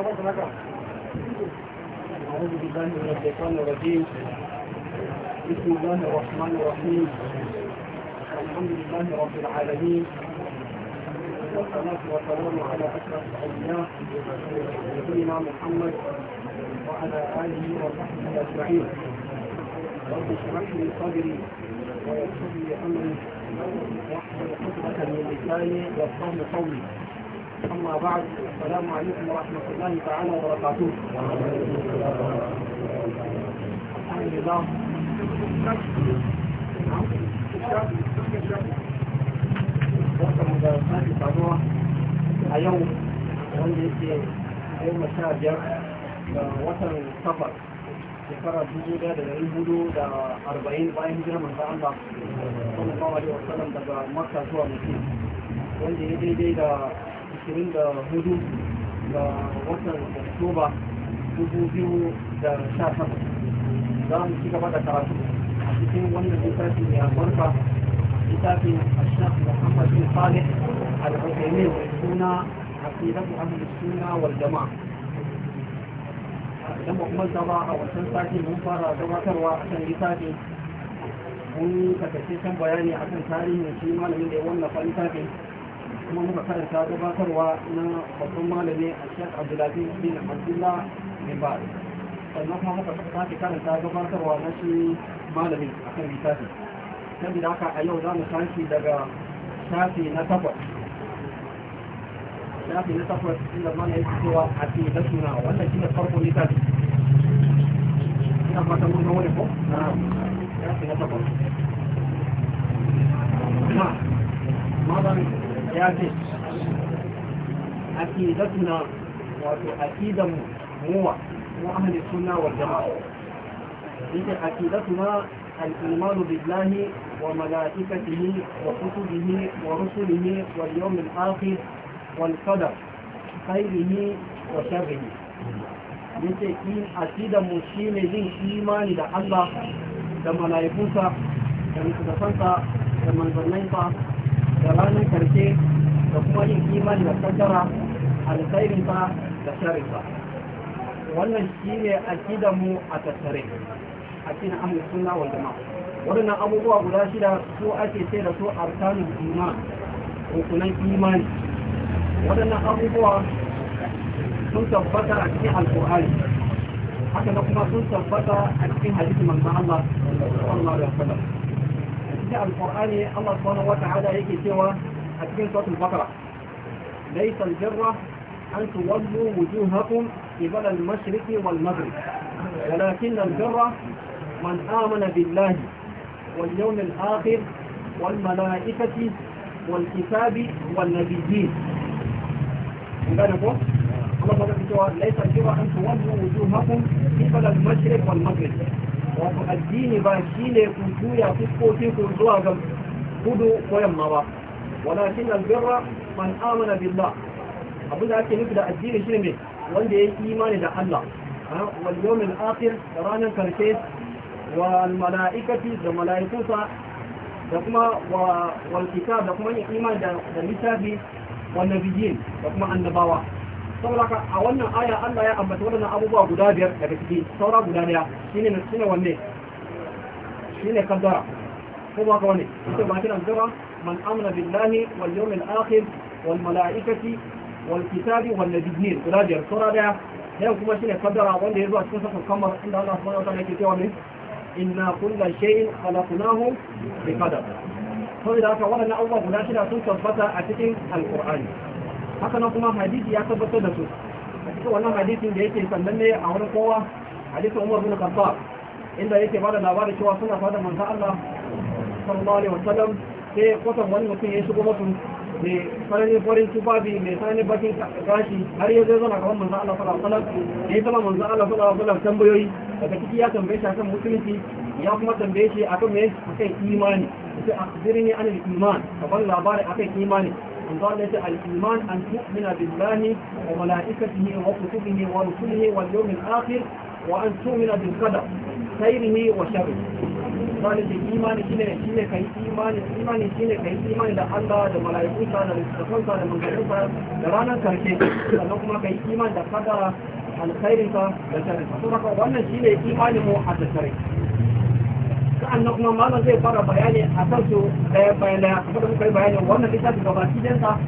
أعوذ بالله من الشيطان الرجيم بسم الله الرحمن الرحيم الحمد لله رب العالمين والصلاة والسلام على أشرف الأنبياء نبينا محمد وعلى آله وصحبه أجمعين رب اشرح لي صدري ويسر لي أمري واحلل عقدة من لساني يفقه قولي أما بعد السلام عليكم ورحمة الله تعالى وبركاته الحمد لله da ashirin da hudu ga watan oktoba dubu biyu da sha saba za mu ci gaba da karatu a cikin wannan littafi mai albarka littafin ashaf muhammad bin salih al-husaini mai suna a aqidatu ahli suna wal jama'a idan ba kuma zaba a wancan sati mun fara gabatarwa a kan littafi mun takace kan bayani akan tarihin shi malamin da ya wallafa littafin kuma muka karanta gabatarwa na babban malami a shek abdulaziz bin abdullah bin ba'ad sannan kuma muka sake karanta gabatarwa na shi malamin a kan littafi saboda haka a yau za mu tashi daga shafi na takwas shafi na takwas inda mana yake cewa a ce da suna wannan shi ne farko littafi ina fata mun ga wani ko shafi na takwas ma ba ياتي عقيدتنا وعقيدة مو أهل السنة والجماعة إذا الإيمان بالله وملائكته وكتبه ورسله واليوم الآخر والقدر خيره وشره yace in aqida mu shine yin imani da Allah da malaikunsa da da da ranar karshe da kuma yin imani da kaddara alkhairinsa da sharinsa wannan shi ne akidan mu a tattare a cikin ahlus sunna wal jama'a waɗannan abubuwa guda shida su ake ce da su arkanul iman rukunan imani waɗannan abubuwa sun tabbata a cikin alkur'ani haka na kuma sun tabbata a cikin hadisin manzon Allah sallallahu alaihi wasallam في القرآن الله سبحانه وتعالى هيك سوى أتكين صوت البقرة ليس الجرة أن تولوا وجوهكم قبل المشرق والمغرب ولكن الجرة من آمن بالله واليوم الآخر والملائكة والكتاب والنبيين مباركم الله سبحانه وتعالى ليس الجرة أن تولوا وجوهكم قبل المشرق والمغرب wato addini ba shi ne ku juya fuskoki ku zuwa ga kudu ko yamma ba walakin albirra man amana billah abin da ake nufi da addini shi ne wanda ya yi imani da Allah wal yawmil akhir da ranar karshe wa al mala'ikati da mala'ikusa da kuma wal kitab da kuma imani da littafi wa nabiyyin da kuma annabawa saboda ka a wannan aya Allah ya ambata waɗannan abubuwa guda biyar daga ciki saura guda daya shine shine wanne shine kaddara ko ba ka wani ita ba kina kaddara man amana billahi wal yawmil akhir wal malaikati wal kitabi wal nabiyyin guda biyar saura daya yau kuma shine kaddara wanda ya zuwa cikin safin kamar inda Allah subhanahu wa ta'ala yake cewa ne inna kulla shay'in khalaqnahu bi qadar saboda haka wannan abubuwa guda shida sun tabbata a cikin alqur'ani haka kuma hadisi ya tabbatar da su a cikin wannan hadisin da yake sannan ne a wurin kowa hadisin umar bin khattab inda yake bada labarin cewa suna fada manzo Allah sallallahu alaihi wasallam sai kwatan wani mutum ya shigo mutum mai sarari farin tufafi mai sarari bakin gashi har yanzu zama kamar manzo Allah sallallahu alaihi wasallam ya zama manzo Allah sallallahu alaihi wasallam tambayoyi daga ciki ya tambaye shi akan musulunci ya kuma tambaye shi akan me akan imani sai akhbirni anil iman kaban labari akan imani قال الإيمان أن تؤمن بالله وملائكته وكتبه ورسله واليوم الآخر وأن تؤمن بالقدر خيره وشره قال الإيمان كنا شنو كي إيمان إيمان شنو كي إيمان ده الله ده ملائكته ده رسوله ده منزله ده رانا كرشي sannan kuma kai iman da kadara alkhairinka da sharrinka saboda wannan shine imanin wa'annan kuma malam zai fara bayani a kan su eh, bayan da kuma muka yi bayani wannan littafin gaba cikinsa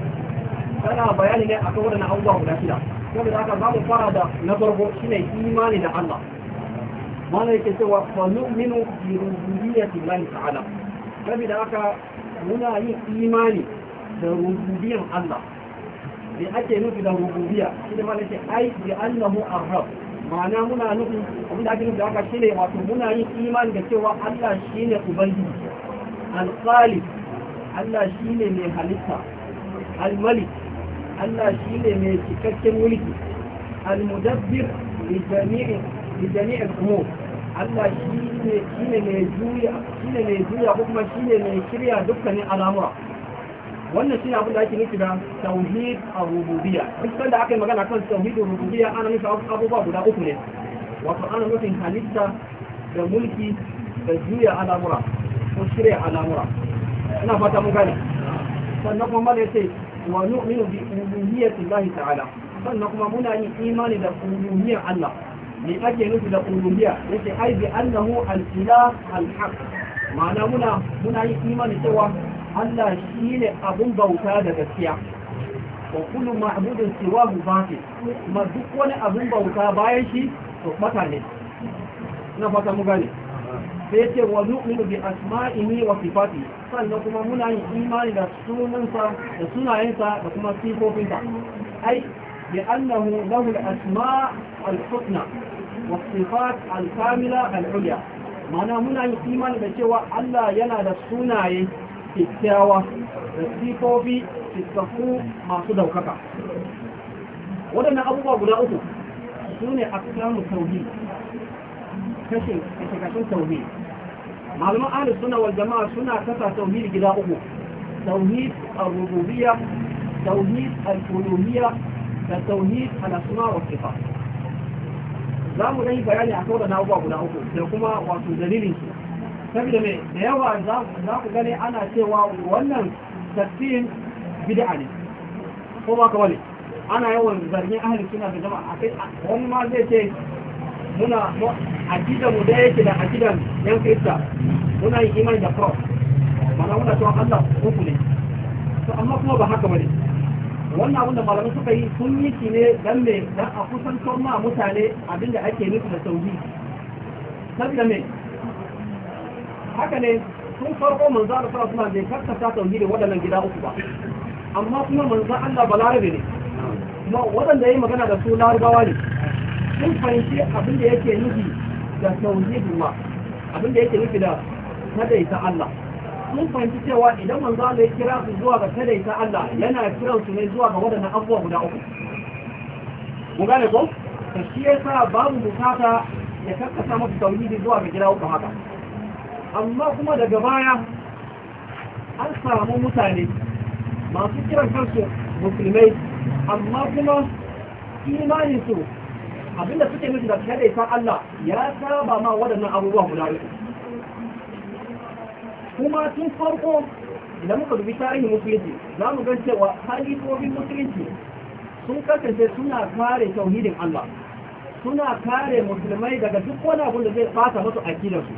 tana bayani ne a akan waɗannan abubuwa guda shida wanda haka za mu fara da na farko shine imani da Allah malam yake cewa fa nu'minu bi rububiyyati Allah ta'ala saboda haka muna yin imani da rububiyyan Allah da ake nufi da rububiyya shi da malam yake ai bi annahu ar-rabb ma'ana muna nufin abin da ake nufi haka shine wato muna yin iman da cewa Allah shine ne al-khaliq Allah shine mai halitta al-malik Allah shine mai cikakken mulki al da jami'in kuma Allah shine ne mai juya shine mai juya kuma shine mai shirya dukkanin al'amura wannan shine abin da ake nufi da tauhid ar-rububiyya duk da aka yi magana kan tauhid ar-rububiyya ana nufi abubuwa guda uku ne wato ana nufin halitta da mulki da juya al'amura ko shirya al'amura ina fata mun gane sannan kuma mala yace wa nu'minu bi uluhiyyati Allah ta'ala sannan kuma muna yin imani da uluhiyyar Allah Me ake nufi da uluhiyya yace ai bi annahu al-ilah al-haq ma'ana muna muna yin imani cewa Allah shi ne abin bauta da gaskiya wa kullum ma'budin siwa mubafi kuma duk wani abin bauta bayan shi to bata ne na fata mu gane sai ce wa nu'minu bi asma'ihi wa sifati sannan kuma muna yin imani da sunansa da sunayensa da kuma sifofinsa ai bi annahu lahu al-asma' al-husna wa sifat al-kamila al-ulya Mana muna yin imani da cewa Allah yana da sunaye kyakkyawa da sifofi cikakku masu daukaka waɗannan abubuwa guda uku su ne a samu tauhi kashin kashin tauhi malaman ahli suna wal jama'a suna kasa tauhid gida uku tauhid ar-rububiyya tauhid al-uluhiyya da tauhid al-asma wa sifat za mu dai bayani akan na abubuwa guda uku da kuma wasu dalilin su saboda mai da yawa za ku gane ana cewa wannan tasbihin bid'a ne ko ba ka wani ana yawan zargin ahalin suna da jama'a kai wani ma zai ce muna akida mu da yake da akidan yan kirista muna yin imani da kawo. mana muna cewa Allah uku ne to amma kuma ba haka bane wannan abin da malamai suka yi sun yi shi ne dan mai dan a kusantar ma mutane abinda ake nufi da tauhid saboda mai. haka ne sun farko manzo Allah sallallahu alaihi wasallam bai karkata tauhidin waɗannan gida uku ba amma kuma manzo Allah balarabe ne kuma wadanda yayi magana da su larabawa ne sun fahimci abin da yake nufi da tauhidin ma abin da yake nufi da kadaita Allah Sun fahimci cewa idan manzo Allah ya kira su zuwa ga kadaita Allah yana kiran su ne zuwa ga waɗannan abubuwa guda uku mun gane ko shi yasa babu bukata ya karkata masa tauhidi zuwa ga gida uku haka amma kuma daga baya an samu mutane masu kiran kansu musulmai amma kuma imaninsu abinda suke mutu da kada san Allah ya saba ma waɗannan abubuwan guda uku kuma tun farko idan muka dubi tarihin musulunci za mu gan cewa halifofin musulunci sun kasance suna kare tauhidin Allah suna kare musulmai daga duk wani abun da zai fata musu akidarsu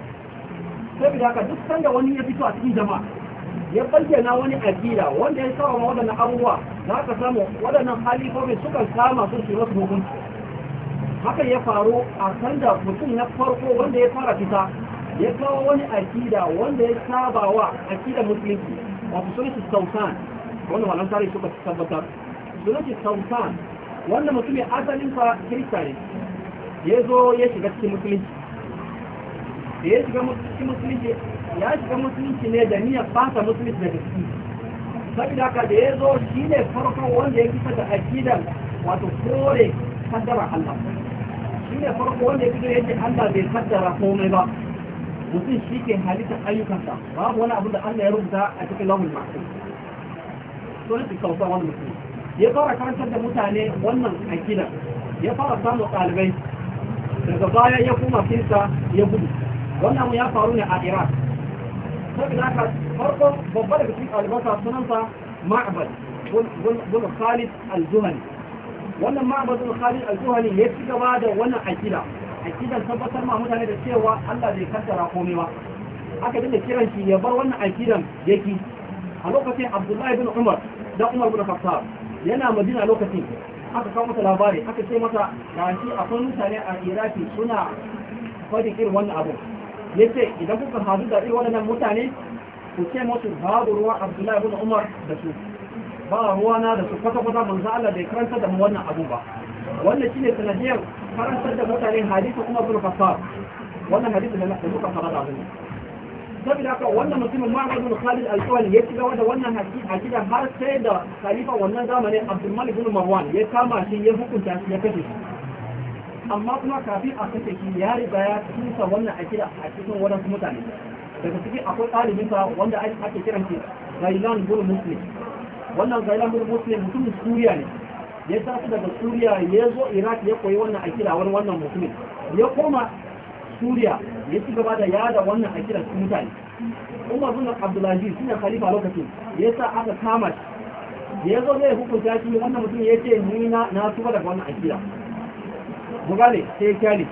saboda haka duk sanda wani ya fito a cikin jama'a ya bayyana wani akida wanda ya saba ma waɗannan abubuwa za ka samu waɗannan hali halifofin suka kama su su masu hukunci haka ya faru a sanda mutum na farko wanda ya fara fita ya kawo wani akida wanda ya saba wa akida musulunci wato su sautan wanda wannan tarihi suka tabbatar sunanci sautan wanda mutum ya asalin fa kirista ne ya zo ya shiga cikin musulunci da ya shiga musulunci ya shiga musulunci ne da niyyar fasa musulunci da gaske saboda haka da ya zo shi ne farko wanda ya fita da akidan wato kore kaddara Allah shi ne farko wanda ya fito ya Allah bai kaddara komai ba mutum shi ke halittar ayyukansa babu wani abu da Allah ya rubuta a cikin lamun masu so ne kausa wani mutum ya fara karantar da mutane wannan akidan ya fara samun ɗalibai daga baya ya kuma kinsa ya gudu wannan ya faru ne a iraq saboda haka farko babba da cikin albasa sunansa ma'abad bin khalid al-zuhani wannan ma'abad bin khalid al-zuhani ya ci gaba da wannan akida akidan tabbatar ma mutane da cewa Allah zai kaddara komai ba aka dinga kiran shi ya bar wannan akidan yaki a lokacin Abdullahi bin Umar da Umar bin Khattab yana Madina lokacin aka kawo masa labari aka ce masa ga shi akwai mutane a Iraki suna fadi irin wannan abu yace idan kuka hadu da irin waɗannan mutane ku ce musu babu ruwa Abdullahi ibn Umar da su ba ruwa na da su kwata kwata manzo Allah bai karanta da mu wannan abu ba wannan shine sanadiyar karantar da mutane hadisi kuma bin fasar wannan hadisi da muka fara da abin saboda haka wannan mutumin Muhammad bin Khalid al-Qawli ya ci gaba da wannan hakika har sai da khalifa wannan zamanin Abdul Malik bin Marwan ya kama shi ya hukunta shi ya kashe shi amma kuma kafin a kace shi ya riga ya tusa wannan akida a cikin wannan mutane daga cikin akwai ɗalibinsa wanda ake kiran shi Gailan bin Muslim wannan Gailan bin Muslim mutumin Suriya ne ya tafi daga Suriya ya zo Iraq ya koyi wannan akida wani wannan mutumin ya koma Suriya ya ci gaba da yada wannan akida cikin mutane Umar bin Abdulaziz shine khalifa lokacin ya sa aka kama shi ya zo zai hukunta shi wannan mutum ya ce ni na na tuba daga wannan akida mu sai ya kyale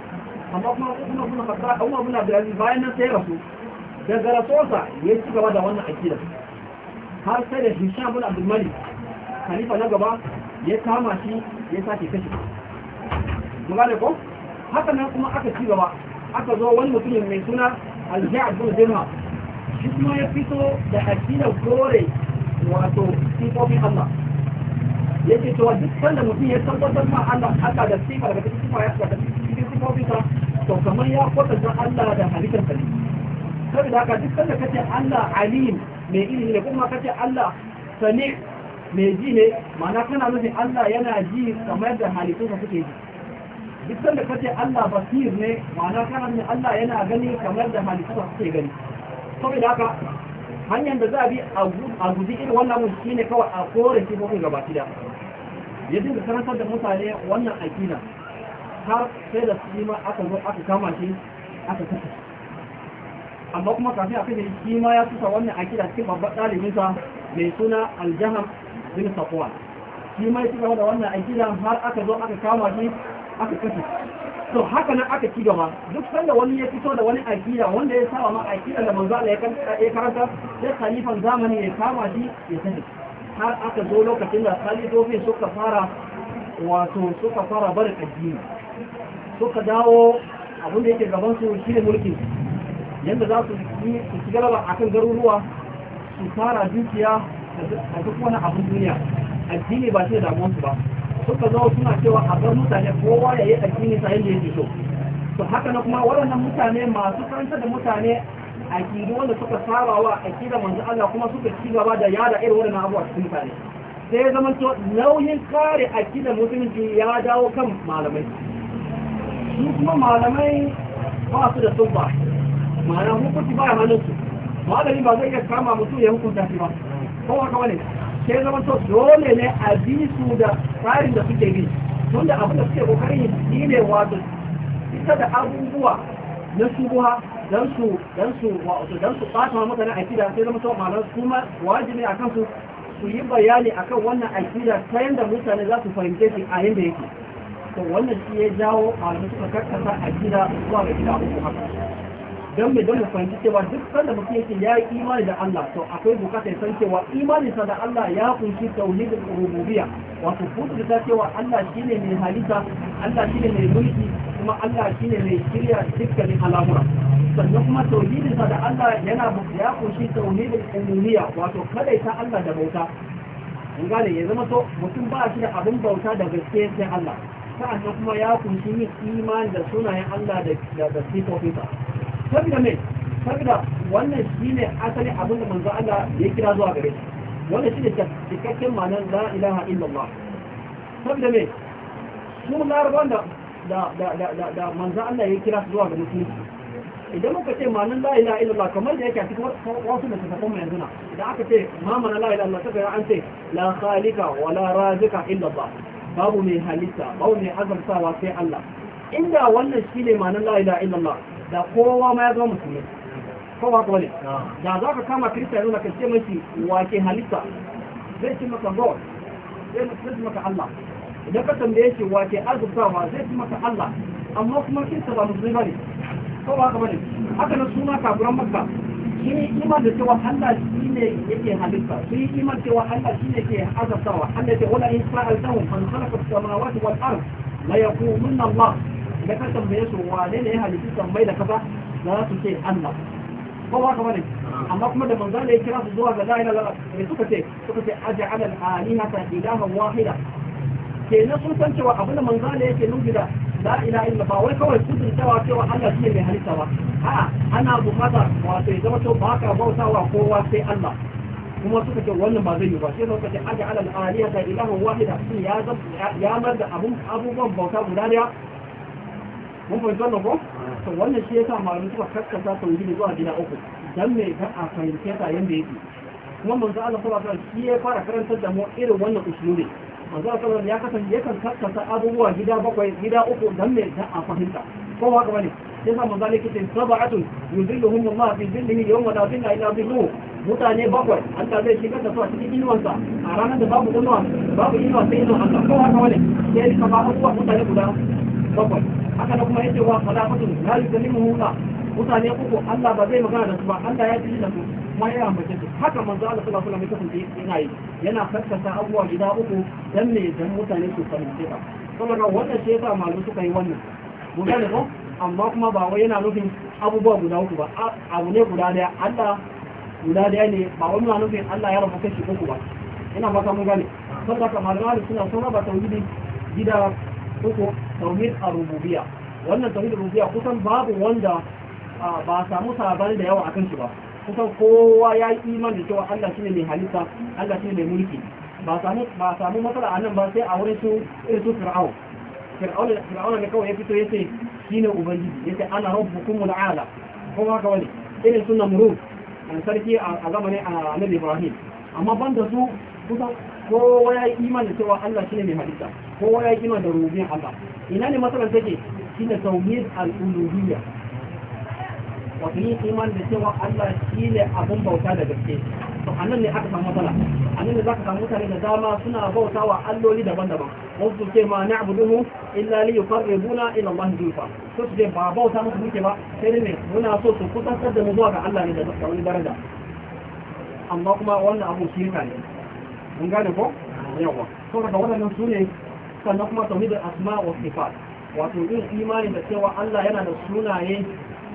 amma kuma kuma kuma fasa kuma muna da yanzu bayan nan sai rasu daga rasuwarsa ya ci gaba da wannan akida har sai da hisham bin abdul malik khalifa na gaba ya kama shi ya sake kashe mu gane ko haka nan kuma aka ci gaba aka zo wani mutumin mai suna al-ja'd bin dirham shi kuma ya fito da akida gore wato sifofin Allah yake cewa duk sanda mutum ya tabbatar ma Allah haka da sifa daga kwayar da cikin sifofinsa to kamar ya kwatanta Allah da halittar sa ne saboda haka duk sanda kace Allah alim mai ilimi ne kuma kace Allah sani mai ji ne ma'ana kana nufin Allah yana ji kamar da halittunsa suke ji duk sanda kace Allah basir ne ma'ana kana nufin Allah yana gani kamar da halittunsa suke gani saboda haka hanyar da za a bi a guji irin wannan mun shine kawai a kore sifofin gaba ɗaya yadda da karantar da mutane wannan aƙida har sai da shi ma aka zo aka kama shi aka kashe amma kuma kafin a kashe shi ma ya kusa wannan akida cikin babban ɗalibinsa mai suna aljaham bin safuwa shi ma ya tusa da wannan akida har aka zo aka kama shi aka kashe to haka nan aka ci gaba duk sanda wani ya fito da wani akida wanda ya saba ma akida da manzo Allah ya karanta sai khalifan zamani ya kama shi ya kashe har aka zo lokacin da khalifofin suka fara wato suka fara barin addini suka dawo abinda yake gaban su shine mulki yadda za su ci galaba kan garuruwa su fara dukiya a duk wani abin duniya addini ba shi da damuwansu ba suka zo suna cewa a bar mutane kowa ya yi addini sa yadda yake so to haka na kuma waɗannan mutane masu karanta da mutane a kiri wanda suka saba wa a kira manzo Allah kuma suka ci gaba da yada irin waɗannan abubuwa cikin mutane sai ya zama to nauyin kare akidar musulunci ya dawo kan malamai su kuma malamai ba su da tsubba ma'ana hukunci ba ya hannunsu malami ba zai iya kama mutum ya hukunta shi ba ko haka wani sai zama to dole ne a bi su da tsarin da suke bi tun da abin da suke kokarin yi ne wato ita da abubuwa na shubuha dan su dan su wato dan su fata maka na akida sai zama to malamai kuma wajibi akan su su yi bayani akan wannan akida ta da mutane za su fahimce shi a yanda yake to wannan shi ya jawo malamai suka karkasa a gida zuwa ga gida uku haka don mai don mu fahimci cewa duk sanda mutum yake ya yi imani da Allah to akwai bukata ya san cewa imaninsa da Allah ya kunshi tauhidin rububiyya wato kudu da cewa Allah shine mai halitta Allah shine mai mulki kuma Allah shine mai shirya dukkanin al'amura sannan kuma tauhidinsa da Allah yana ya kunshi tauhidin umumiyya wato kada ta Allah da bauta in gane ya zama to mutum ba shi da abin bauta da gaske sai Allah sa'an kuma ya kunshi yin imani da sunayen Allah da da sifofinsa saboda me saboda wannan shi ne asali abin da manzo Allah ya kira zuwa gare shi wannan ne cikakken ma'anar la ilaha illallah saboda me su larabawan da da da da da manzo Allah ya kira zuwa gare shi idan muka ce ma'anar la ilaha illallah kamar da yake a cikin wasu da tafakan mai yanzu na idan aka ce ma ma'anar la ilaha illallah saboda an ce la khaliqa wa la razika illallah babu mai halitta babu mai azartawa sai Allah inda wannan shine ma'anar la illa allah da kowa ma ya zama musulmi kowa ko ne da za ka kama kirista yanzu ka ce mashi wake halitta zai ci maka god zai ci maka Allah idan ka tambaye shi wake azurtawa zai ci maka Allah amma kuma kirista ba musulmi ba ne kowa ka bane haka na suna kafuran makka shi imar da cewa Allah shi ne yake halitta shi imar cewa Allah shi ne ke azabtawa Allah ce wala in sa'altahum man khalaqa as-samawati wal ard la yaqulunna Allah da ka tambaye su wane ne ya halitta sammai da kasa za su ce Allah ko ba ka bane amma kuma da manzo ne ya kira su zuwa ga la ilaha illallah suka ce suka ce aj'ala al-alihata ilahan wahida kenan sun san cewa abin da manzo ne yake nufi da la ilaha illa ba wai kawai kudin cewa cewa Allah shi mai halitta ba a'a ana bukatar wato ya zama cewa ba ka bautawa kowa sai Allah kuma suka ce wannan ba zai yi ba sai suka ce aja alal aliya da ilahun wahida sun ya ya mar da abun abubuwan bauta guda daya mun fahimta wannan ko to wannan shi yasa malamin suka kakkasa tauhidi zuwa gida uku dan me ka a fahimce ta yanda yake kuma manzo Allah sallallahu alaihi wasallam shi ya fara karantar da mu irin wannan usulubi manzo sallallahu ya kasance ya kan kakkasa abubuwa gida bakwai gida uku dan ne dan a fahimta ko haka bane sai sa manzo yake cewa sab'atun yudilluhum Allah fi dhillihi yawma la dhilla illa dhilluhu mutane bakwai an Allah zai shigar da su a cikin inuwansa a ranar da babu inuwa babu inuwa sai inuwa Allah ko haka bane sai ka ba abubuwa mutane guda bakwai haka da kuma yace wa salafatun la yukallimuhu mutane uku Allah ba zai magana da su ba Allah ya ji da su kuma yana mace haka manzo Allah sallallahu alaihi wasallam kasance yana yi yana karkasa abubuwa gida uku dan ne dan mutane su fahimce ka saboda wannan shi yasa malu suka yi wannan mu gane ko amma kuma ba wai yana nufin abubuwa guda uku ba abu ne guda daya Allah guda daya ne ba wani na nufin Allah ya rabu kashi uku ba ina maka mun gane saboda kamar malu suna so ba tauhidi gida uku tauhid ar-rububiyya wannan tauhid ar-rububiyya kusan babu wanda ba samu sabani da yawa akan shi ba kusan kowa ya yi iman da cewa Allah shine mai halitta Allah shine mai mulki ba samu ba samu matsala a nan ba sai a wurin su irin su fir'au fir'au ne kawai ya fito ya yace shine ubangiji ce ana da ala kuma haka wani irin sunan muru, an sarki a zamanin annabi Ibrahim amma banda su kusan kowa ya yi iman da cewa Allah shine mai halitta kowa ya yi iman da rubin Allah ina ne matsalar take shine tauhid al-uluhiyya ba ku yi iman da cewa Allah shi ne abin bauta da gaske to anan ne aka samu matsala anan ne ka samu mutane da dama suna bauta wa alloli daban-daban wasu ce ma ni abu na'buduhu illa li yuqarribuna ila Allah zulfa to su ce ba bauta musu muke ba sai ne muna so su kusantar da mu zuwa ga Allah ne da wani daraja amma kuma wannan abu shirka ne mun gane ko yawa to daga wannan su ne sannan kuma tauhidul asma wa sifat wato yin imani da cewa Allah yana da sunaye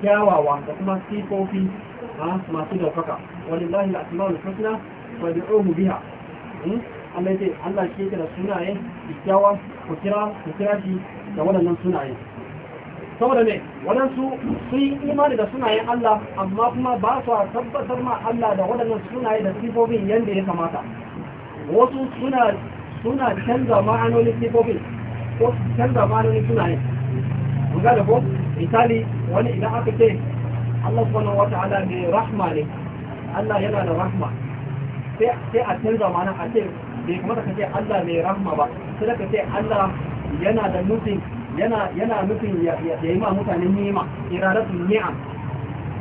kyawawa da kuma sifofi masu daukaka walillahi al-asmaul wani ohun biya, Allah ya ce Allah shi yake da sunaye kyawawa ku kira ku kira shi da waɗannan sunaye saboda ne waɗansu sun yi imani da sunayen Allah amma kuma ba su tabbatar ma Allah da waɗannan sunaye da sifofin yadda ya kamata wasu suna suna canza ma'anonin sifofin ko canza ma'anonin sunaye ga da ko misali wani idan aka ce Allah subhanahu wa ta'ala ne rahma ne Allah yana da rahma sai a canza mana a ce bai kamata ka ce Allah mai rahma ba sai ka ce Allah yana da nufin yana yana nufin ya yi ma mutane ni'ima iradatu ni'am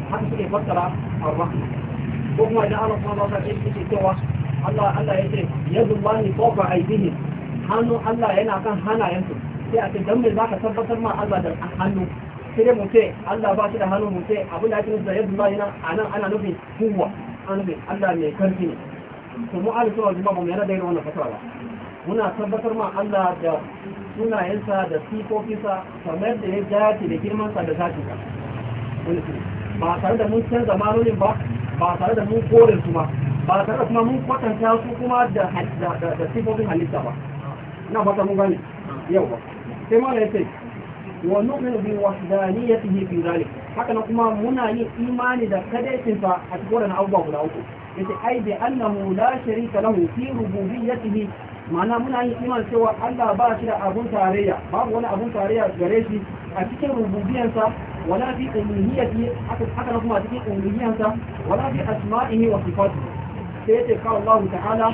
haka suke fassara ar ko kuma idan Allah subhanahu wa ta'ala yake cewa Allah Allah yake yadullahi fawqa aydihim hannu Allah yana kan hanayensu sai a ce dan me zaka tabbatar ma Allah da hannu sai dai mu ce Allah ba shi da hannu mu ce abin da ake nufi da yadda ba yana a nan ana nufin kuwa ana nufin Allah mai karfi ne to mu alisu wa jima ba mu yana da irin wannan fatawa ba muna tabbatar ma Allah da sunayensa da sifofinsa kamar da ya dace da girmansa da zatinsa ba tare da mun canza malolin ba ba tare da mun kore su ba ba tare da kuma mun kwatanta su kuma da da sifofin halitta ba ina fata mun gani yau ba sai ma ya ce ونؤمن بوحدانيته في ذلك حتى نقوم منا إيمان إذا كدأت فأتقولنا أبوه لا أبوه أي بأنه لا شريك له في ربوبيته معنى منا إيمان سوى ألا باشر أبو تاريا باب ولا أبو تاريا جريشي أتكي ربوبيا ولا في أمنيته حتى نقوم أتكي أمنيا ولا في أسمائه وصفاته قال الله تعالى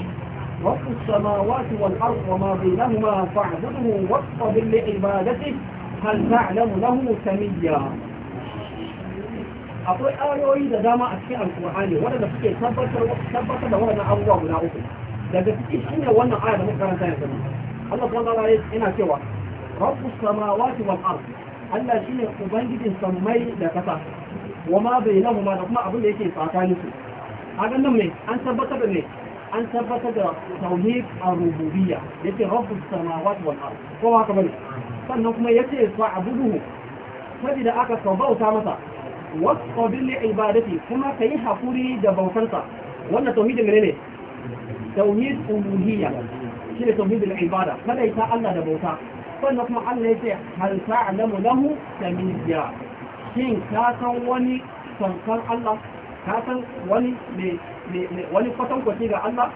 رب السماوات والأرض وما بينهما فاعبده واصطبر لعبادته hal ta'lamu lahu samiyya akwai ayoyi da dama a cikin alkur'ani waɗanda suke tabbatar da waɗannan abubuwa guda uku daga cikin shine wannan aya da muka karanta yanzu Allah subhanahu wa ta'ala ina cewa rabbus samawati wal ard Allah shi shine ubangijin sammai da kasa wa ma bainahuma da kuma abin da yake tsakanin su hakan nan ne an tabbatar da ne an tabbatar da tauhid ar-rububiyya yace rabbus samawati wal ard kowa haka bane sannan kuma ya yace fa abuduhu saboda aka ka bauta masa wasqabil li ibadati kuma kai hakuri da bautansa wannan tauhidin ne tauhid uluhiyya shi ne tauhidul ibada kada ita Allah da bauta sannan kuma Allah ya yace hal ta'lamu lahu samiyya shin ka san wani sankan Allah ka san wani mai wani kwatankwaci ga Allah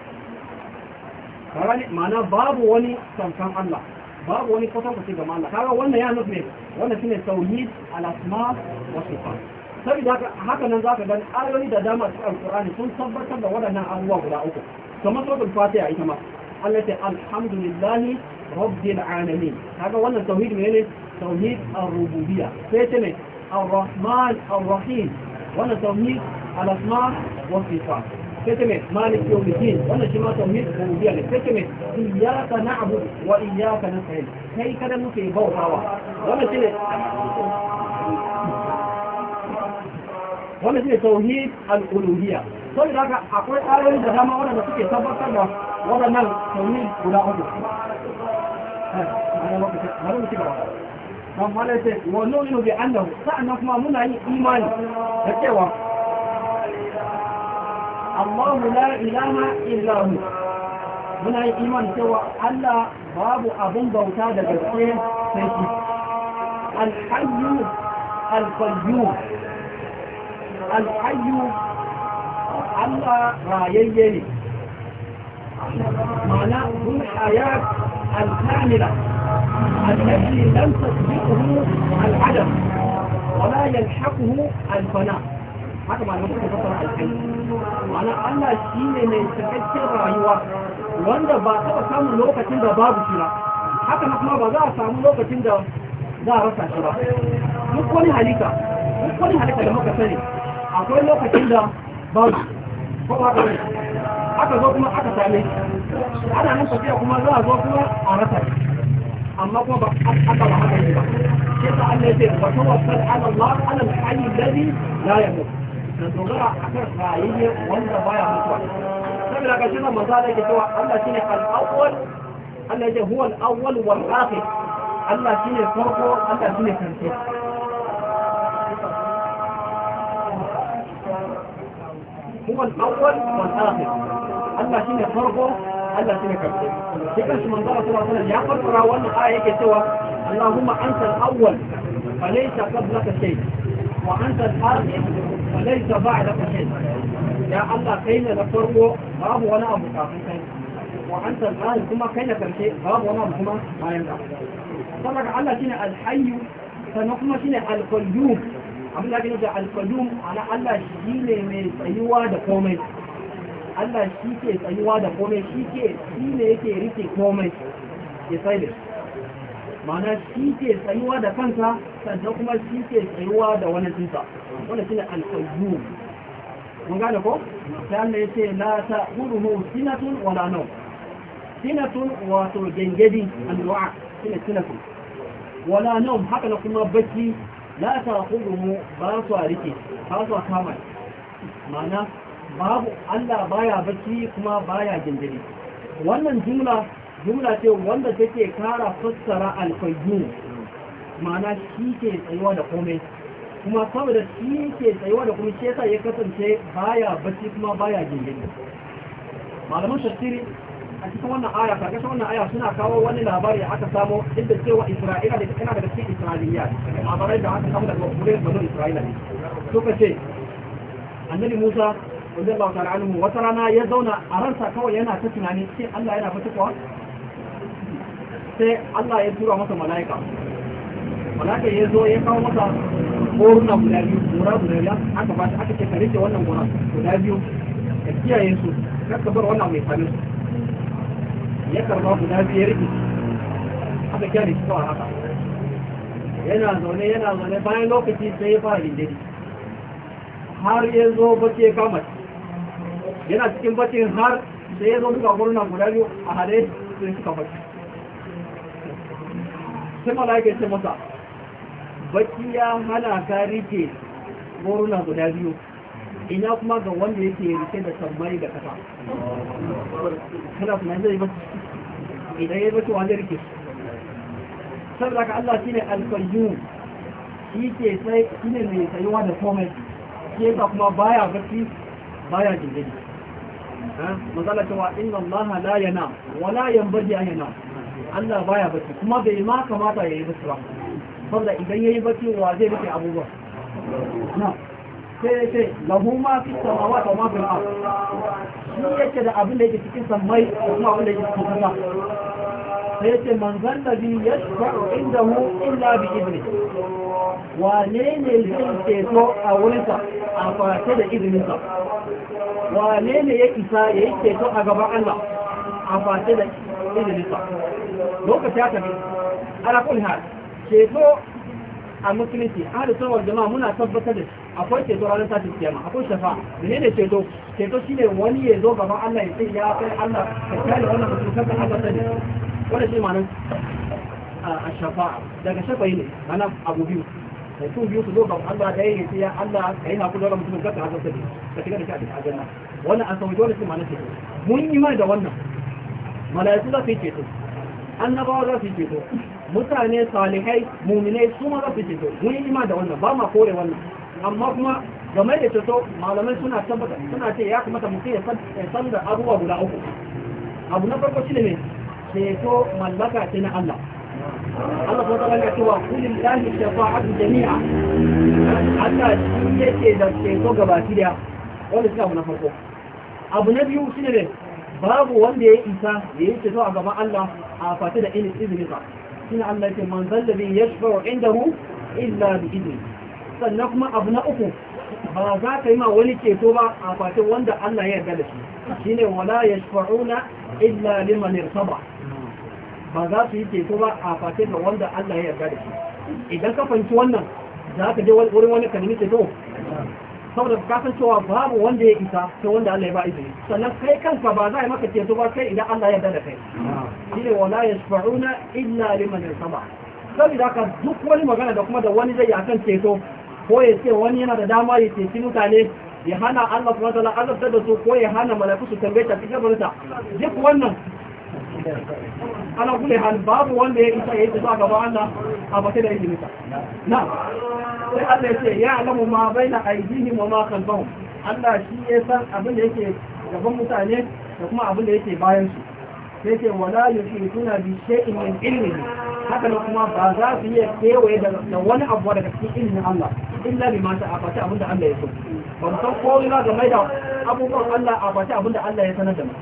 ka ma'ana babu wani sankan Allah باب وني فطر فسيبه ما الله كاره وانا يا نظمي وانا سنة توهيد على اسماء وصفات سبي طيب، داك حكا ننزاك بان آيوني دا القرآن سن صبر صبر ودا نا نعم أروا غلا أوكو ثم صوت الفاتحة إتما التي الحمد لله رب العالمين هذا وانا توهيد من يلي توهيد الربوبية سيتنة الرحمن الرحيم وانا توهيد على اسماء وصفات تكمل مالك يوم الدين وانا شما توحيد الربوبيه ne take ne iyyaka na'budu wa iyyaka nasta'in kai kada muke bautawa wannan shine wannan shine tauhid al-uluhiyya sai daga akwai ayoyi da dama wanda suke tabbatar da wadannan tauhid guda uku kamar yadda wani nuna bi annahu sa'annan kuma muna yin imani da cewa الله لا إله إلا هو هنا الإيمان سوى ألا باب أبن بوتا دقائم سيكيب الحي القيوم الحي ألا رايين معنى هو الحياة الكاملة التي لم تسبقه العدم ولا يلحقه الفناء haka ba malamai suka fasara alkai ma'ana Allah shi ne mai cikakken rayuwa wanda ba taɓa samun lokacin da babu shi ba haka na kuma ba za a samu lokacin da za a rasa shi ba duk wani halitta duk wani halitta da muka sani akwai lokacin da babu ko ba ne aka zo kuma aka same ana nan tafiya kuma za a zo kuma a rasa amma kuma ba a ba haka ne ba sai ta Allah ya ce wa tawakkal ala Allah ala al-hayy alladhi la yamut da dogara a kan rayayye wanda baya mutuwa saboda ga shi manzo da yake cewa Allah shine al-awwal Allah ya huwa al-awwal wal akhir Allah shine farko Allah shine karshe هو الأول والآخر الله شيني فرقه الله شيني كبته كيفاش من ضرط الله تعالى يقر فراوان آية كتوى اللهم أنت الأول فليس قبلك شيء وأنت الآخر فليس بعدك شيء يا الله كينا نفرقه باب وانا ابو كافي وانت الان كما كينا كرشي باب وانا ابو كما ما يمدع صدق الله شنو الحي سنقوم شنو القيوم abin da ake ana Allah shi ne mai tsayuwa da komai Allah shi tsayuwa da komai shi shi ne yake rike komai ya ma'ana shi ke tsayuwa da kansa sannan kuma shi ke tsayuwa da wani tuta wanda shi ne alƙayyu mun gane ko ta Allah yace la ta huruhu sinatun wala nau sinatun wato gengedi shi shine sinatun wala nau haka kuma bacci la ta huruhu ba su rike ba su kama ma'ana babu Allah baya bacci kuma baya gengedi wannan jumla jimla ce wanda take kara fassara alfayyu ma'ana shi ke tsayuwa da komai kuma saboda shi ke tsayuwa da kuma shesa ya kasance baya bacci kuma baya gingini malaman shastiri a cikin wannan aya karkashin wannan aya suna kawo wani labari aka samo inda cewa isra'ila da kana daga cikin isra'iliya bare da aka samu daga wurin bazon isra'ila ne to kace annabi musa wanda ba ta wata rana ya zauna a ransa kawai yana ta tunani sai allah yana fitowa sai Allah ya tura masa mala'ika mala'ika ya zo ya kawo masa goruna guda biyu gora guda biyu aka ba aka ce ka rike wannan gora guda biyu ka kiyaye su kar ka bar wannan mai sami su ya karba guda biyu ya rike aka kiyaye da kawai haka yana zaune yana zaune bayan lokaci sai ya fara gindiri har ya zo bace ya kama yana cikin bacin har sai ya zo duka gurnan guda biyu a hade sai suka bacin sai mala'ika ce masa baki ya hana ka rike goruna guda biyu ina kuma ga wanda yake rike da sammai da kasa kana kuma zai ba idan ya bace wanda rike saboda ka Allah shine al-qayyum shi ke sai shine mai tsayuwa da komai shi yasa kuma baya barci, baya jinjiri ha mazala cewa inna Allah la yana wa la yanbaghi Allah baya bacci kuma bai ma kamata ya yi bacci ba saboda idan ya yi bacci wa zai rike abubuwa Na. sai sai la huma ma fi samawa wa ma fil ard shi yake da abin da yake cikin samai da kuma abin da yake cikin kasa sai ya man manzan da bi ya inda mu illa bi ibni wane ne zai ceto a wurinsa a fara da izininsa wane ne ya isa ya yi ceto a gaban Allah a fata da izininsa lokaci haka ne ala ha ce ceto a musulunci da sunna jama'a muna tabbatar da akwai ceto ranar satin kiyama akwai shafa menene ceto ceto shine wani ya zo gaba Allah ya tsaya ya kai Allah ka kai wannan mutum kan Allah sani wanda shi nan a shafa daga shafa ne mana abu biyu mutum biyu su zo gaba Allah ɗaya ya tsaya Allah ka yi hakuri wannan mutum kan Allah sani ka shiga da shi a ganna. wannan an sauke wannan shi nan ce mun yi mai da wannan mala'iku za su yi ceto annabawa za su ceto mutane salihai muminai su ma za su ceto mun yi ima da wannan ba ma kore wannan amma kuma game da ceto malamai suna tabbata suna ce ya kamata mutum ya san da abubuwa guda uku abu na farko shi ne ceto mallaka ce na Allah Allah kuma tsara ya cewa kulin lahi shafa'atu jami'a Allah shi yake da ceto gabaki daya wanda suna abu na farko abu na biyu shi ne babu wanda ya isa ya yi ceto a gaban Allah a fati da ilin ba. shine Allah ke man zallabi ya shafa wa inda hu illa bi izini sannan kuma abu na uku ba za ka yi ma wani ceto ba a fati wanda Allah ya yarda da shi shine wala ya shafa'una illa liman irtaba ba za su yi ceto ba a fati da wanda Allah ya yarda da shi idan ka fahimci wannan za ka je wurin wani kalmi ceto saboda ka san cewa babu wanda ya isa sai wanda Allah ya ba izini sannan kai kanka ba za a yi maka ceto ba sai idan Allah ya yarda da kai shine wala yashfa'una illa liman yartaba saboda haka duk wani magana da kuma da wani zai yi akan ceto ko ya ce wani yana da dama ya ceci mutane ya hana Allah subhanahu wa ta'ala azabta da su ko ya hana mala'iku su tambaye ta cikin duk wannan ana kula hal babu wanda ya isa ya yi tafa gaba Allah a bace da ilimin na sai Allah ya ce ya alamu ma baina aidihim wa ma khalfahum Allah shi ya san abin da yake gaban mutane da kuma abin da yake bayan su sai ce wala yushirkuna bi shay'in min ilmihi haka kuma ba za su iya kewaye da wani abu daga cikin ilimin Allah illa bi ma ta fata abin da Allah ya so ba mu san ko ina game da abubuwan Allah a fata abin da Allah ya sanar da mu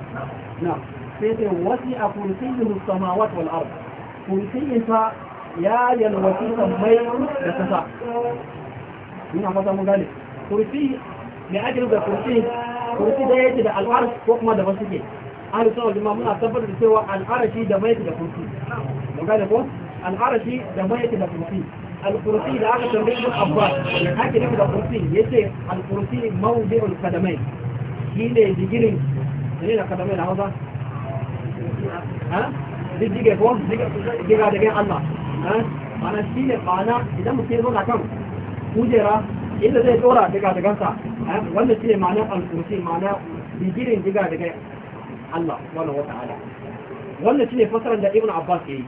na'am سيتي وسيع كرسيه السماوات والارض كرسيه سا يا يل وسيع مي لتسع هنا ماذا مقال كرسيه لاجل ذا كرسيه كرسيه ده يجي ده الارض فوق ما ده بسيكي قال صلى الله عليه وسلم اعتبر ده سوى العرشي ده ميت ده كرسيه مقال يقول العرشي ده ميت ده كرسيه الكرسي ده اخر تمرين الابواب هكذا ده كرسيه يجي الكرسيه موضع القدمين هنا يجي جيرين هنا القدمين هذا diddige ko diga daga Allah ana shi ne ma'ana idan mutum ya zo kan kujera inda zai tsora daga dagansa wanda shi ne ma'ana alkursi ma'ana bigirin diga daga Allah wata ala. wannan shi ne fasarar da Ibn Abbas ya yi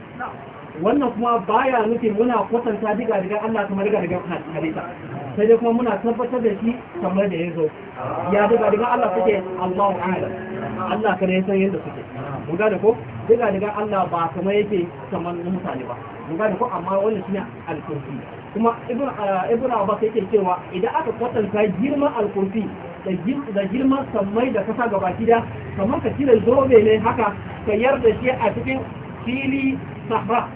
wannan kuma baya nufin muna kwatanta diga daga Allah kamar diga daga hadisa sai dai kuma muna tabbatar da shi kamar da ya zo ya diga daga Allah suke Allahu a'lam Allah kada ya san yadda suke mun gane ko daga daga Allah ba kamar yake kamar mutane ba mun gane ko amma wannan shine al-kursi kuma ibn uh, ibn abbas yake cewa idan aka kwatanta girman al-kursi da girman samai da kasa gaba gida kamar ka cire zobe ne haka ka yarda shi a cikin fili sahara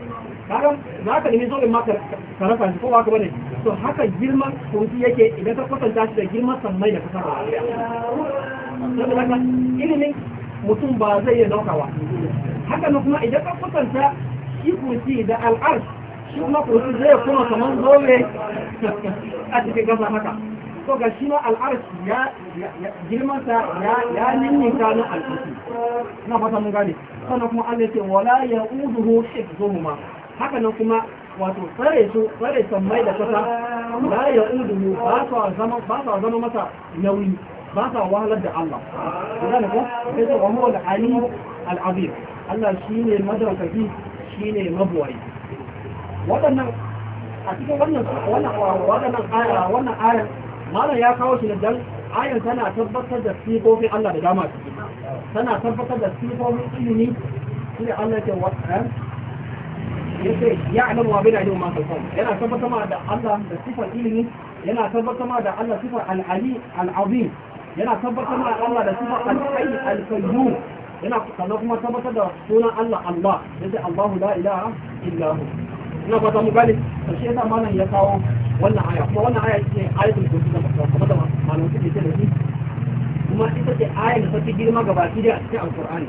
kaga za ka nemi zobe ma ka rasa ko ba ka bane to haka girman kursi yake idan ka kwatanta shi da girman samai da kasa gaba gida ilimin mutum ba zai iya daukawa haka nan kuma idan ka kusanta shi kursi da al'arsh shi kuma kursi zai kuma kamar zobe a cikin gaba haka to ga shi ma al'arsh ya girman sa ya ninninka na al'arshi na fata mun gane sannan kuma Allah ce wala ya uduhu hifzuhuma haka nan kuma wato tsare su tsare sammai da kasa la ya uduhu ba sa zama ba sa zama masa nauyi ba sa wahalar da Allah. Ku gane ko? Sai da wa huwa al al-azim. Allah shi ne madaukaki shi ne mabuwai waɗannan a cikin wannan waɗannan ayar wannan ayan malam ya kawo shi da ayar tana tabbatar da sifofin Allah da dama ciki tana tabbatar da sifofin ilimi shi eh? da Allah ke wa'an yace ya alamu wa bin alim ma yana tabbatar ma da Allah da sifar ilimi yana tabbatar ma da Allah sifar al-ali al-azim yana tabbatar ma da Allah da sifar al-hayy al-qayyum yana sannan kuma tabbatar da sunan Allah Allah yace Allahu la ilaha illa hu ina fata mu gane malam ya kawo wannan aya kuma wannan aya ce ayatul kursi da kuma da malam ce da shi kuma ita ce aya da take girma gaba ki da cikin alqur'ani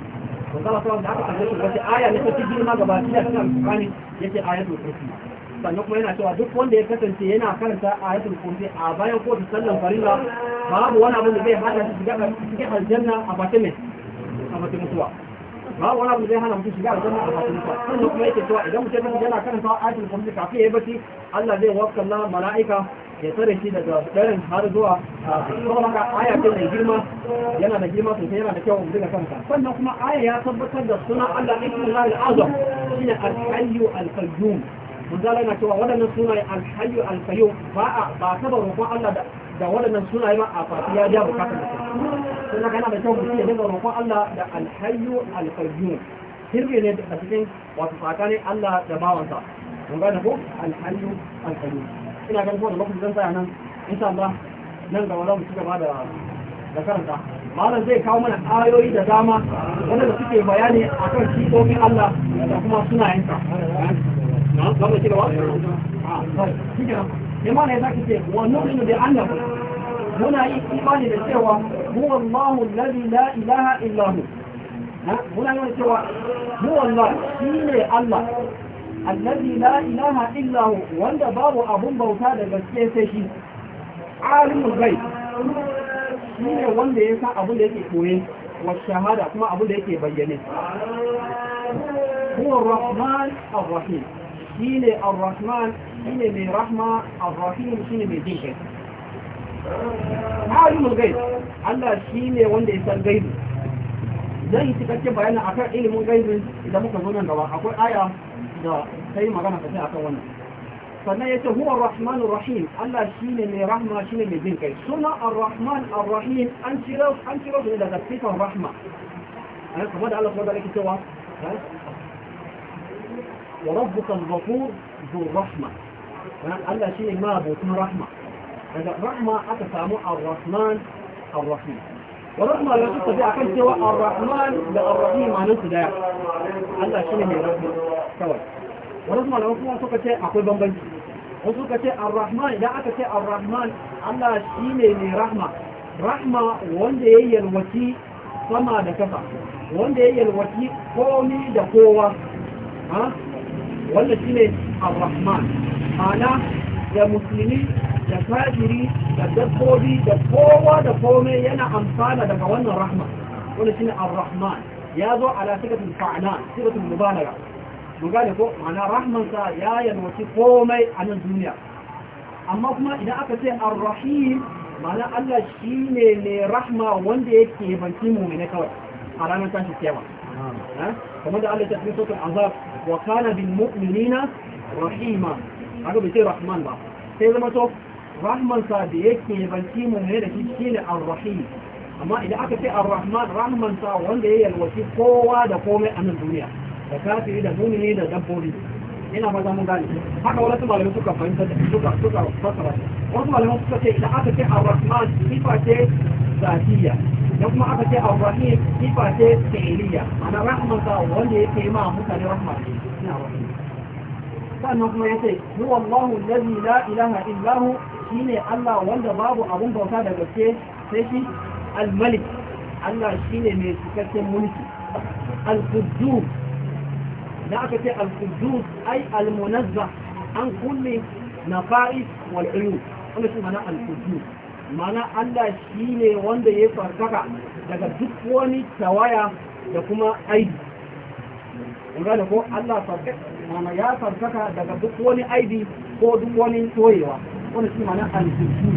to ta da aka kalle shi aya da take girma gaba ki da cikin alqur'ani yace ayatul kursi sannan kuma yana cewa duk wanda ya kasance yana karanta ayatul kursi a bayan kowace sallan farilla babu wani abu da zai hada shi shiga aljanna a batimin fata mutuwa ba wani abu zai hana mutum shiga aljanna a fata mutuwa sannan kuma yake cewa idan mutum yana karanta ayatul kursi kafin ya yi bacci Allah zai wakalla mala'ika ya tsare shi daga ɗarin har zuwa kuma haka aya ce mai girma yana da girma sosai yana da kyau mu daga kanka sannan kuma aya ya tabbatar da suna Allah ismullahi al-azam shine al-hayyu al-qayyum mun zala yana cewa waɗannan sunaye al-hayyu al-qayyum ba a ba taba roƙon Allah da waɗannan sunaye ba a fatiya ya bukatar da sun haka yana da kyau mutum ya dinga roƙon Allah da alhayyu alqayyum sirri ne a cikin wato tsakanin Allah da bawansa mun gane ko alhayyu alqayyum ina ganin ko da lokacin zan tsaya nan insha Allah nan gaba za mu ci gaba da da karanta malam zai kawo mana ayoyi da dama wanda suke bayani akan sifofin Allah da kuma sunayensa na gaba ci gaba ah, shi kenan ne ma ne zaki ce wannan da annabi muna yi imani da cewa هو الله الذي لا إله إلا هو هنا يقول هو الله شيني الله الذي لا إله إلا هو وأن باب أبن بوتا لغسكي سيشي عالم الغيب شيني وأن يسا أبن لكي قوي والشهادة كما أبن لكي بيّنه هو الرحمن الرحيم شيني الرحمن شيني من رحمة الرحيم شيني من دينه alimul gaib Allah shi ne wanda ya san gaibi zan yi cikakken bayani akan ilimin gaibi idan muka zo nan gaba akwai aya da ta yi magana ta akan wannan sannan ya ce huwa rahmanur rahim Allah shi ne mai rahma shi ne mai jin kai suna ar-rahman ar-rahim an ciro an ciro su daga sifar rahma ai kuma da Allah kuma da yake cewa wa rabbuka al-ghafur dhur rahma Allah shi ne ma abutun rahma daga rahma aka samu ar-rahman ar-rahim ورحمة الله تستطيع كان سوى الرحمن للرحيم عن انتداع الله شنه رحمة سوى ورحمة الله kuma suka ce akwai bambanci wasu suka ce ar-rahman idan aka ce ar-rahman Allah ne mai rahma rahma wanda ya yalwaci sama da kafa wanda ya yalwaci komi da kowa ha wanda shine ar-rahman ana ya musulmi da kafiri da dabbobi da kowa da kome yana amfana daga wannan rahma wani shine ar-rahman ya zo ala sigatul fa'lan sigatul mubalaga mun gane ko ma'ana rahman sa ya yalwaci komai a nan duniya amma kuma idan aka ce ar-rahim ma'ana Allah shine mai rahma wanda yake banci mu'mina kawai a ranar tashi kiyama kamar da Allah ta fi sautin azab wa kana bil mu'minina rahima haka bai ce rahman ba sai zama to rahmansa da yake banci mu ne da shi ne ar-rahim amma idan aka ce ar-rahman rahmansa wanda ya yalwaci kowa da komai a nan duniya da kafiri da mumini da dabbobi ina maza mun gane haka wasu malamai suka fahimta da suka suka fasara wasu malamai suka ce idan aka ce ar-rahman sifa ce zatiya da kuma aka ce ar-rahim sifa ce fi'liya ana rahmansa wanda yake ma mutane rahma ina rahim sannan kuma yace huwa Allahu allazi la ilaha illa hu shine Allah wanda babu abun bauta da gaske sai shi al-malik Allah shine mai cikakken mulki al-quddus da aka ce al-quddus ai al-munazzah an kulli nafa'is wal uyub wannan shi mana al-quddus mana Allah shine wanda ya farkaka daga duk wani tawaya da kuma aibi gane ko Allah farkaka mana ya farkaka daga duk wani aibi ko duk wani toyewa wanda shi mana aljihu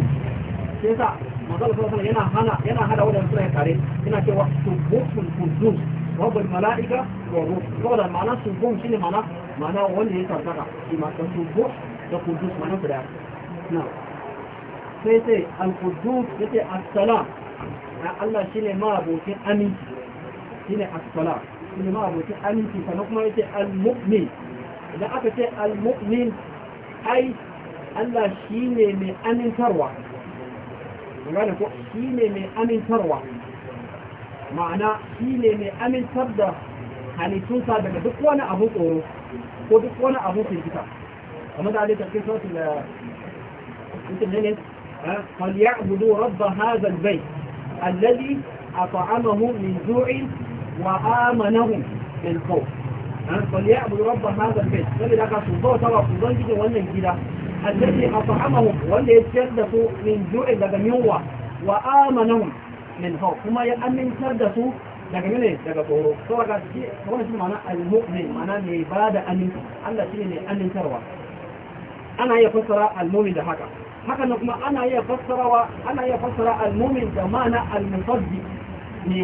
sai sa mazal sallallahu yana hana yana hada wadannan suna tare yana cewa subhul qudus rabbul malaika wa ruh saboda ma'ana subhul shine ma'ana ma'ana wanda ya tsarkaka shi ma ta subhul da qudus ma'ana guda na sai sai al-qudus yace as-salam Allah shine ma abokin aminci shine as-salam shine ma abokin aminci sannan kuma yace al-mu'min idan aka ce al-mu'min ai Allah shi ne mai amintarwa gane ko shi ne mai amintarwa ma'ana shi ne mai amintar da halittunsa daga duk wani abu tsoro ko duk wani abu firgita kamar da alaikar kai sautin da internet فليعبدوا رب هذا البيت الذي أطعمه من جوع وآمنه من خوف فليعبدوا رب هذا البيت الذي لك سلطان طبعا سلطان جدا وانا جدا allazi at'amahu wanda ya ciyar da su min ju'i daga yunwa wa amanahum min khawf kuma ya amintar da su daga mene daga tsoro saboda shi wannan shi ma'ana al-mu'min ma'ana mai Allah shi ne amintarwa ana iya fassara al da haka haka kuma ana iya fassara da al ne mana Allah shi ne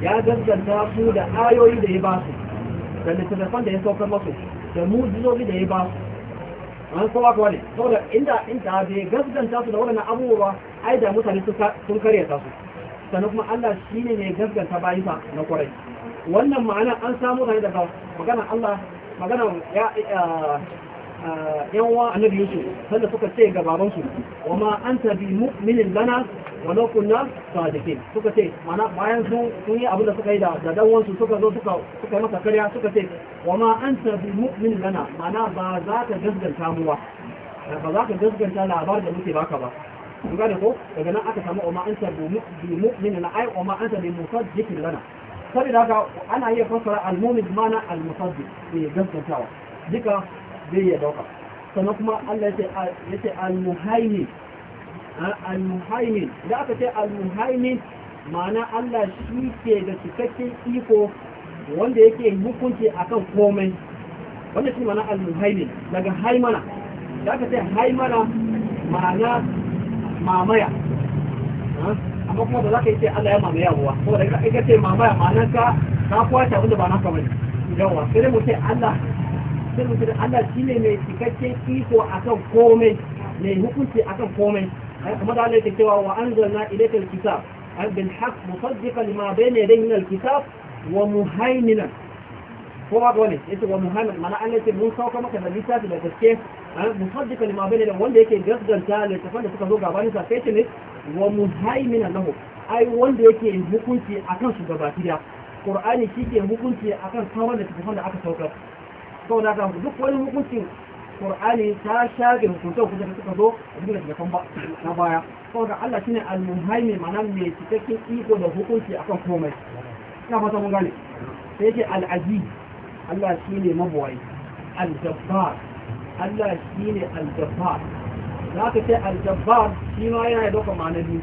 ya gaskanta su da ayoyi da ya ba su da littattafan da ya saukar masu da mujizobi da ya ba an kowa kowa ne saboda inda inda bai gaskanta su da waɗannan abubuwa ai mutane sun karya ta su sannan kuma Allah shi ne mai gaskanta bayinsa na kwarai wannan ma'ana an samu ne daga magana Allah magana ya يوى النبي يوسف هل فكا سي غبابان سو وما انت بمؤمن لنا ولو كنا صادقين فكا سي معنى بايان سو سو يي ابو da suka yi da da dan su suka zo suka suka masa karya suka ce wama anta bimu'min lana ma'ana ba za ka gaskanta mu ba ba za ka gaskanta labarin da muke baka ba kun gane ko daga nan aka samu wama anta bimu'min lana ai wama anta bimusaddiqin lana saboda haka ana iya fassara al-mu'min mana al-musaddiq ne gaskantawa duka zai yi dauka sannan kuma Allah ya ce al-muhaimin al-muhaimin da aka ce al-muhaimin ma'ana Allah shi ke da cikakken iko wanda yake hukunci akan komai wanda shi ma'ana al-muhaimin daga haimana da aka ce haimana ma'ana mamaya amma kuma ba za ka yi ce Allah ya mamaya ruwa ko da ka ce mamaya ma'ana ka ka kwace wanda ba naka bane yawa sai dai mu ce Allah sai mu da Allah shi ne mai cikakken iko akan komai mai hukunci a kan komai kamar da Allah yake cewa wa an anzalna ilayka alkitab bil haqq musaddiqan lima bayna yadayhi min alkitab wa muhaiminan ko ba dole yace wa muhaimin mana Allah yake mun sauka maka da littafi da gaske musaddiqan lima bayna yadayhi wanda yake gaskanta littafin da suka zo gabanin sa sai ne wa muhaiminan lahu ai wanda yake hukunci akan su gabaki da Qur'ani shi ke hukunci akan sauran da tafan da aka saukar sau da kan duk wani hukuncin qur'ani ta shafe hukunta hukunta da suka zo a cikin da kan ba na baya sau da Allah shine al-muhaimin ma'ana mai cikakken iko da hukunci akan komai ina fata mun gane sai yake al-aziz Allah shine mabawai al-jabbar Allah shine al-jabbar zaka ce al-jabbar shi ma yana da kuma ma'ana biyu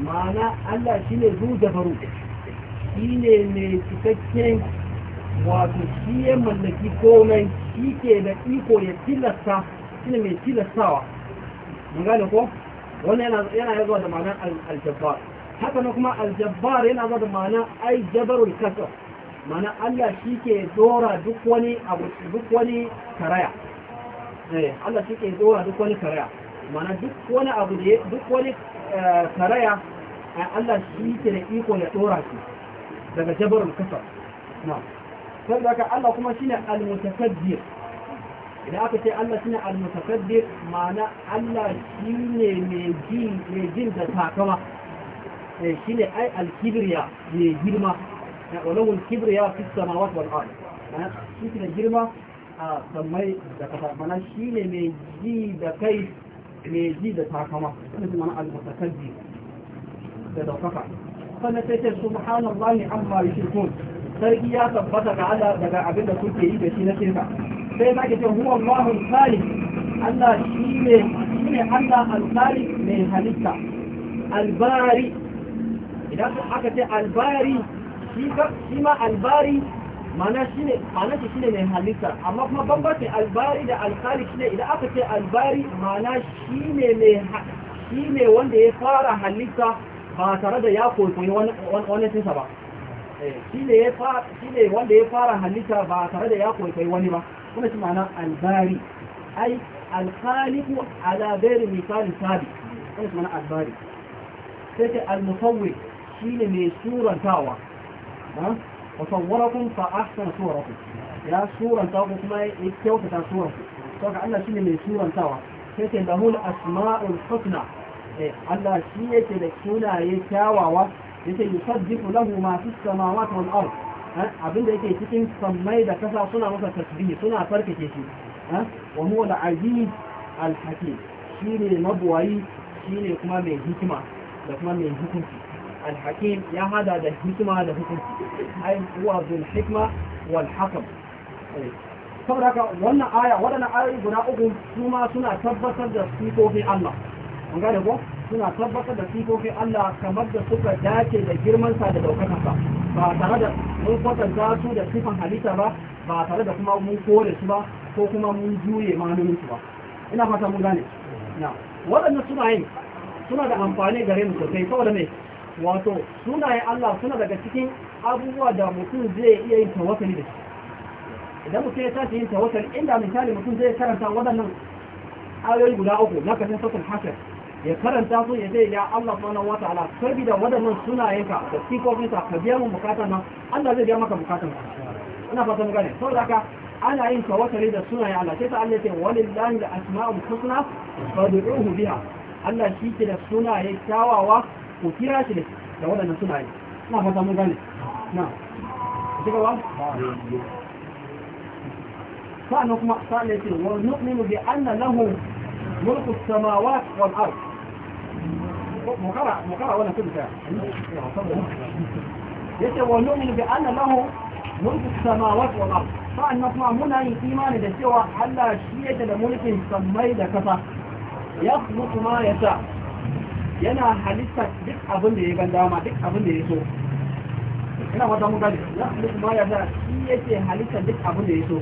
ma'ana Allah shine zu jabaru shine mai cikakken wato shi ya mallaki komai shi ke da iko ya tilasta shi ne mai tilastawa mun gane ko wannan yana zuwa da ma'anar aljabbar haka na kuma aljabbar yana zuwa da ma'anar ai jabarul kasar ma'ana Allah shi ke dora duk wani abu duk wani karaya eh Allah shi ke dora duk wani karaya ma'ana duk wani abu da duk wani eh, karaya eh, Allah shi ke da iko ya dora shi daga jabarul kasar na'am saboda haka Allah kuma shine al-mutakabbir idan aka ce Allah shine al-mutakabbir ma'ana Allah shine mai jin mai jin da takama eh shine ai al-kibriya ne girma walahu al-kibriya fi samawati wal ard ma'ana shine girma a sammai da kasa ma'ana shine mai ji da kai mai ji da takama shine ma'ana al-mutakabbir da daukaka sannan sai ce subhanallahi amma yushrikun sarki ya tabbata ga Allah daga abin da kuke yi da shi na shirka sai sake ce huwa Allahul Khaliq Allah shi ne Allah al-Khaliq mai halitta al-Bari idan aka ce al-Bari shi ka shi ma al-Bari ma'ana ma'ana shi ne mai halitta amma kuma bambancin al-Bari da al shi shine idan aka ce al-Bari ma'ana ne mai ne wanda ya fara halitta ba tare da ya koyi wani wani ba shi ne wanda ya fara halitta ba tare da ya kwaikwayi wani ba kuma shi ma'ana albari ai alkhaliku ala ghairi misali sabi kuma shi ma'ana albari sai ce almusawwi shi ne mai surantawa wa sawwarakum fa ahsana surakum ya suranta ku kuma ya kyautata suranku ka Allah shi ne mai surantawa sai ce lahul asma'ul husna eh, Allah shi yake da sunaye kyawawa yace yusabbihu lahu ma fis samawati wal ard abin da yake cikin sammai da kasa suna masa tasbih suna farkake shi wa huwa al-aziz al-hakim shine mabwayi shine kuma mai hikima da kuma mai hukunci al-hakim ya hada da hikima da hukunci ai huwa dhul hikma wal hakam saboda haka wannan aya waɗannan ayoyi guda uku su ma suna tabbatar da sifofin Allah an gane ko suna tabbatar da sifofi Allah kamar da suka dace da sa da daukakarsa ba tare da mun kwatanta su da sifan halitta ba ba tare da kuma mun kore su ba ko kuma mun juye ma'anonin su ba ina fata mun gane na waɗannan yin suna da amfani gare mu sosai saboda me wato yin Allah suna daga cikin abubuwa da mutum zai iya yin tawakkali da shi idan mutum ya tashi yin tawakkali inda misali mutum zai karanta waɗannan ayoyi guda uku na kasance sautin hasar ya karanta su ya zai ya Allah subhanahu wa ta'ala saboda wadannan sunayenka da sifofinsa ka biya mu bukatan nan Allah zai biya maka bukatan ka ina fata mu gane saboda haka ana yin tawakkali da sunayen Allah sai ta Allah ce walillahi al-asma'ul husna fad'uhu biha Allah shi ke da sunaye kyawawa ku kira shi da wadannan sunaye ina fata mu gane na shiga ba sa'annan kuma sa'annan ce wa nu'minu bi anna lahu mulku samawati wal ardh مقرأ مقرأ ولا يعني. بأن له ملك السماوات والأرض فأن نطمع منها يتيمان إذا سوى حلى شيئة لملك سميد كثر يخلط ما يسع ينا حديثك دك أظن لي بل داما دك أظن لي يسوى إنا وضع مدل يخلط ما يسع شيئة حديثة دك أظن لي يسوى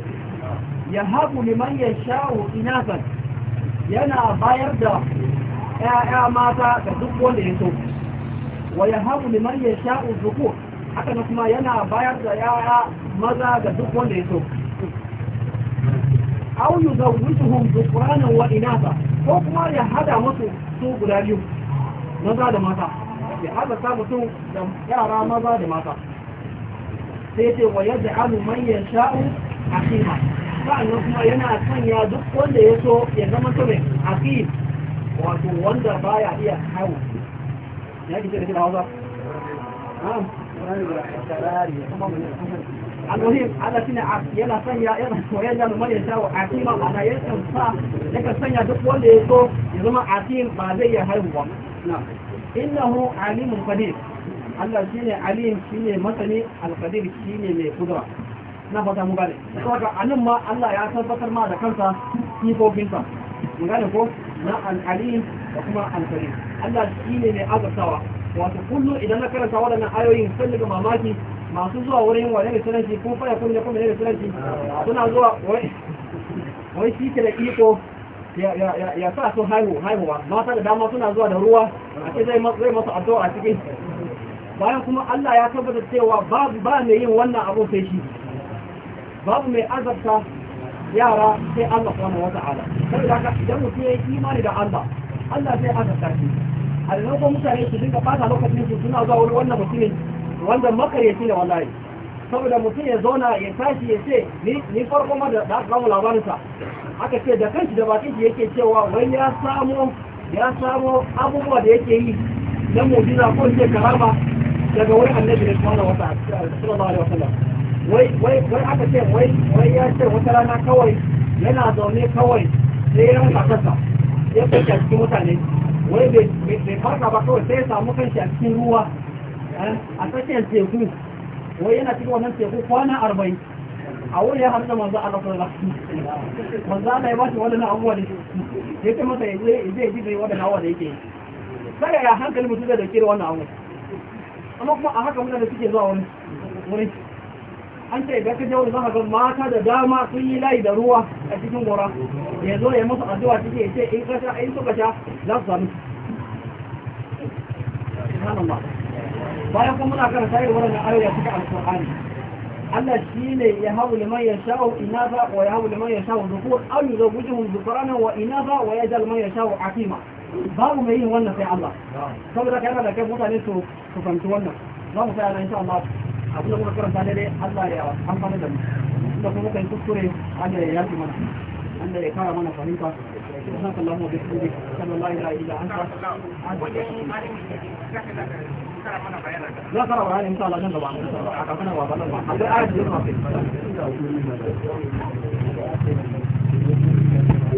يهب لمن يشاء إناثا ينا بايردا 'ya'ya mata da duk wanda ya so wa ya hamu liman ya sha'u zuku haka na kuma yana bayar da 'ya'ya maza ga duk wanda ya so au yu zawwijuhum dhukranan wa inatha ko kuma ya hada musu su guda biyu maza da mata ya hada ta mutum da yara maza da mata sai ce wa yaj'alu man yasha'u akima sa'annan kuma yana sanya duk wanda ya so ya zama to akim wato wanda baya iya ya kike da kina hausa yana sanya yana koyar da mai yasa sa sanya duk wanda ya so ya zama atim ba zai iya haihuwa innahu alimun qadir Allah shi ne alim shi ne masani alqadir shi ne mai kudura na fata mu gane saboda anan ma Allah ya tabbatar ma da kansa sifofinsa mu gane ko na al'alim da kuma alfari. Allah shi ne mai azabtawa wato kullum idan na karanta waɗannan ayoyin sun daga mamaki masu zuwa wurin wane mai ko faya kun ne kuma ne mai suna zuwa wai shi ke da iko ya sa su haihu haihuwa mata da dama suna zuwa da ruwa a ce zai masu addu'a a cikin bayan kuma Allah ya tabbata cewa ba mai yin wannan abu sai shi babu mai azabta yara sai Allah subhanahu sai da ka idan mutum ya yi imani da Allah Allah sai aka tashi a da mutane su dinga fata lokacin su suna zuwa wurin wannan mutumin wanda makaryaci ne wallahi saboda mutum ya zauna ya tashi ya ce ni farko ma da aka samu labarinsa aka ce da kanshi da bakin shi yake cewa wai ya samo ya samu abubuwa da yake yi na mu'jiza ko ce karama daga wani annabi ne sallallahu alaihi wasallam wai wai wai aka ce wai ya ce wata rana kawai yana zaune kawai sai ya rasa kasa ya a cikin mutane wai bai farka ba kawai sai ya samu kanshi a cikin ruwa eh, a tsakiyar teku wai yana cikin wannan teku kwana arba'in a wuri ya hamsa manzo Allah sallallahu alaihi manzo ya bashi wannan abubuwa da ya ce masa zai ji zai abubuwa da yake ya hankali mutum da dauke da wannan abu amma kuma a haka mutane suke zuwa wani wuri an ce idan ka je wani zaka mata da dama sun yi layi da ruwa a cikin gora ya zo ya musu addu'a ya ce in ka sha in suka sha za su samu bayan kuma muna karanta irin wannan ayoyi a cikin alqur'ani Allah shi ne ya hawo liman ya sha'u inaza wa ya hawo liman ya an dhukur aw yuzawwijuhum dhukrana wa inaza wa yaj'al man ya sha'u aqima babu mai yin wannan sai Allah saboda kai da kai mutane su su fanci wannan za mu sai Allah insha Allah abin da kuka karanta daidai Allah ya amfana da mu da kuma kai kuskure Allah ya yafi mana Allah ya kara mana fahimta سبحانك اللهم وبحمدك اشهد ان لا اله الا انت لا ترى وعلي ان شاء الله جنب بعض حكمنا وبلغنا حتى اجل